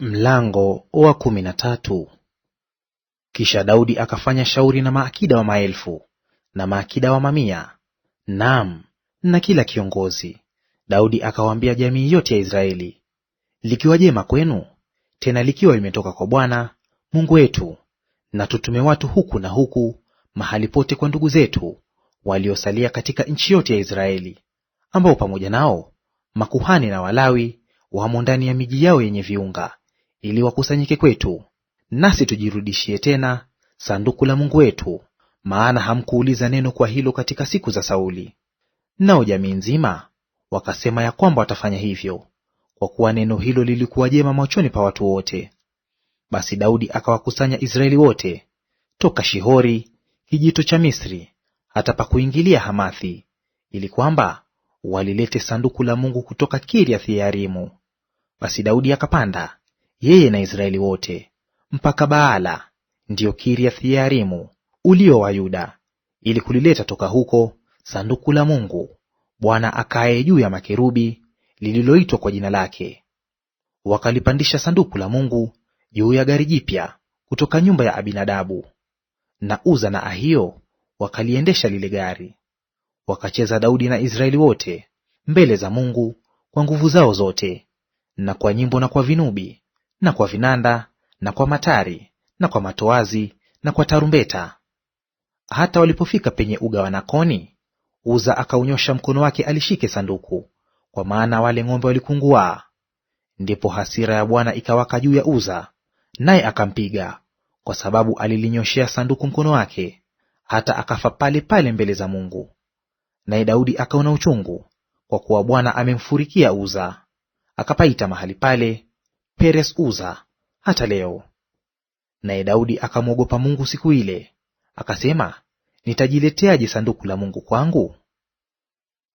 Mlango wa kumi na tatu. Kisha Daudi akafanya shauri na maakida wa maelfu na maakida wa mamia, naam, na kila kiongozi. Daudi akawaambia jamii yote ya Israeli, likiwa jema kwenu, tena likiwa limetoka kwa Bwana Mungu wetu, na tutume watu huku na huku mahali pote kwa ndugu zetu waliosalia katika nchi yote ya Israeli, ambao pamoja nao makuhani na Walawi wamo ndani ya miji yao yenye viunga ili wakusanyike kwetu, nasi tujirudishie tena sanduku la Mungu wetu, maana hamkuuliza neno kwa hilo katika siku za Sauli. Nao jamii nzima wakasema ya kwamba watafanya hivyo, kwa kuwa neno hilo lilikuwa jema machoni pa watu wote. Basi Daudi akawakusanya Israeli wote toka Shihori kijito cha Misri hata pa kuingilia Hamathi, ili kwamba walilete sanduku la Mungu kutoka Kiriath Yearimu. Basi Daudi akapanda yeye na Israeli wote mpaka Baala, ndiyo Kiriath-Yearimu ulio wa Yuda, ili kulileta toka huko sanduku la Mungu Bwana akaye juu ya makerubi, lililoitwa kwa jina lake. Wakalipandisha sanduku la Mungu juu ya gari jipya kutoka nyumba ya Abinadabu, na Uza na Ahio wakaliendesha lile gari. Wakacheza Daudi na Israeli wote mbele za Mungu kwa nguvu zao zote, na kwa nyimbo na kwa vinubi, na kwa vinanda na kwa matari na kwa matoazi na kwa tarumbeta. Hata walipofika penye uga wa Nakoni, Uza akaunyosha mkono wake alishike sanduku, kwa maana wale ng'ombe walikungua Ndipo hasira ya Bwana ikawaka juu ya Uza, naye akampiga, kwa sababu alilinyoshea sanduku mkono wake, hata akafa pale pale mbele za Mungu. Naye Daudi akaona uchungu, kwa kuwa Bwana amemfurikia Uza. Akapaita mahali pale peres uza hata leo. Naye Daudi akamwogopa Mungu siku ile, akasema, nitajileteaje sanduku la Mungu kwangu?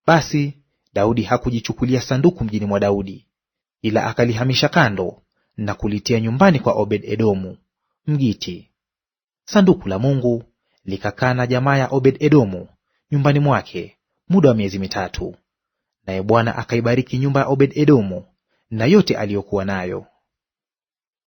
Basi Daudi hakujichukulia sanduku mjini mwa Daudi, ila akalihamisha kando na kulitia nyumbani kwa Obed-Edomu Mgiti. Sanduku la Mungu likakaa na jamaa ya Obed-Edomu nyumbani mwake muda wa miezi mitatu, naye Bwana akaibariki nyumba ya Obed-Edomu na yote aliyokuwa nayo.